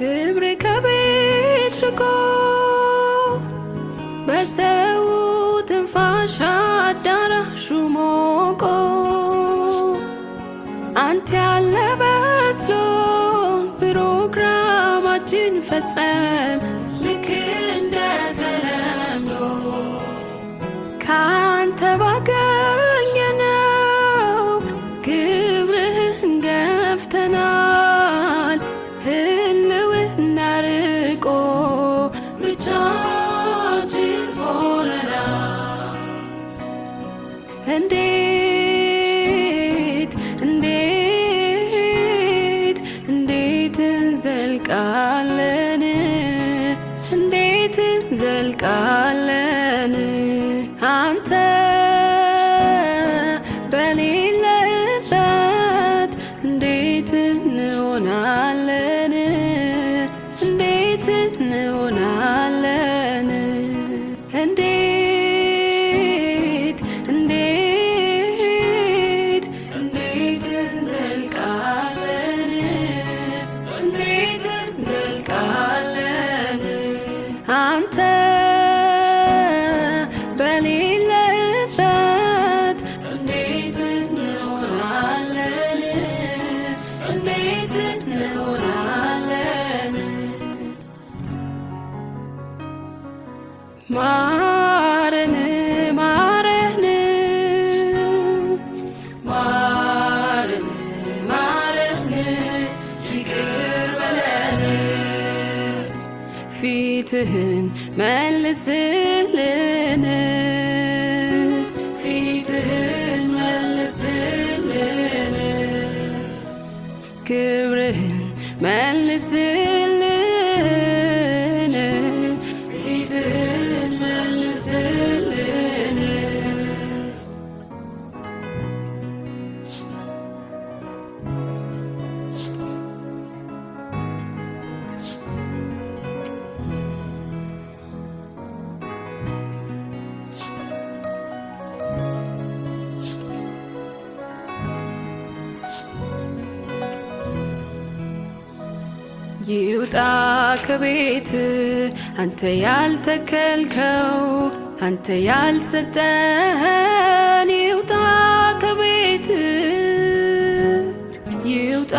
ክብር ከቤት ርቆ በሰው ትንፋሽ አዳራሹ ሞቆ አንተ ያለ መስሎን ፕሮግራማችን ፈጸም ልክ እንደተለምዶ ከአንተ ባገ sky uh, Marene, marene, marene, marene, şükür velene. Fitihin melleselene. Kıvrın melleselene. ይውጣ ከቤት አንተ ያልተከልከው አንተ ያልሰጠን ይውጣ ከቤት ይውጣ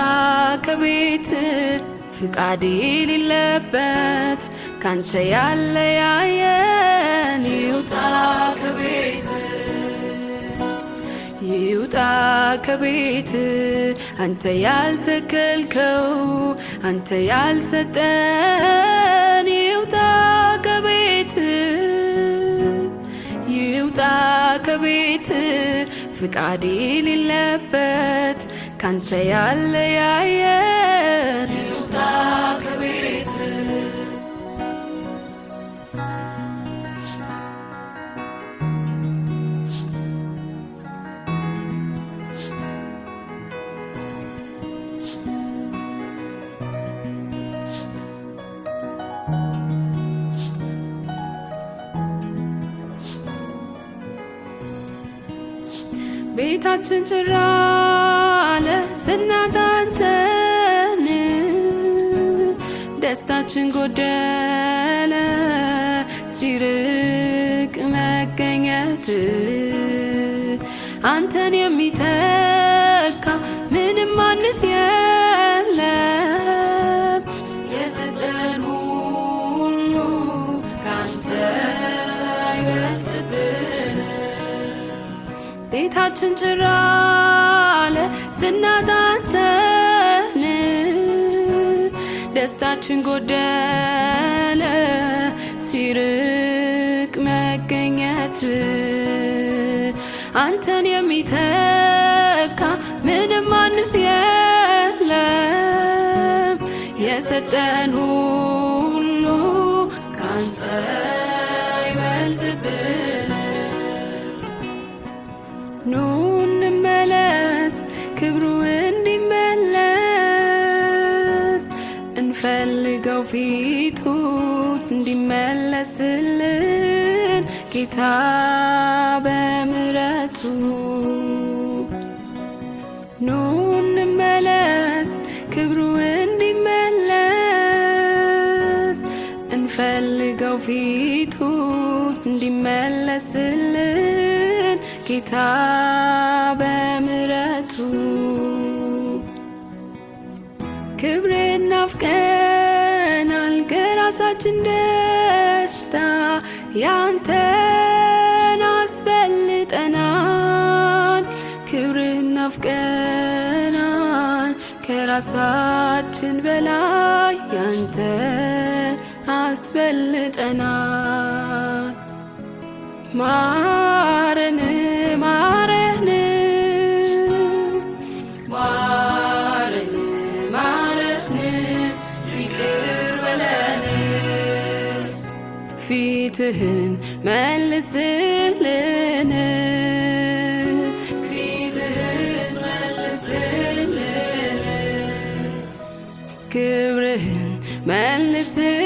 ከቤት ፍቃድ የሌለበት ካንተ ያለያየን ይውጣ ከቤት ይውጣ ከቤት አንተ ያልተከልከው አንተ ያልሰጠን ይውጣ ከቤት ይውጣ ከቤት ፍቃድ የሌለበት ካንተ ያለያየን ይውጣ ከቤት ቤታችን ጭራ አለ ስናጣ ደስታችን ጎደለ ሲርቅ መገኘት። አንተን የሚተካ ምንም አንል ልባችን ጭራለ አለ ደስታችን ጎደለ ሲርቅ መገኘት አንተን የሚተካ ምንም ማንም የለም የሰጠን ሁሉ ካንተ ኑ እንመለስ፣ ክብሩ እንዲመለስ እንፈልገው፣ ፊቱ እንዲመለስልን ጌታ በምረቱ። ኑ አድርገው ፊቱ እንዲመለስልን ጌታ በምረቱ ክብርን ናፍቀናል ከራሳችን ደስታ ያንተን አስበልጠናል። ክብርን ናፍቀናል ከራሳችን በላይ ያንተ ያስበልጠናል። ማረን ማረን ማረን ፊትህን መልስልን ክብርህን መልስልን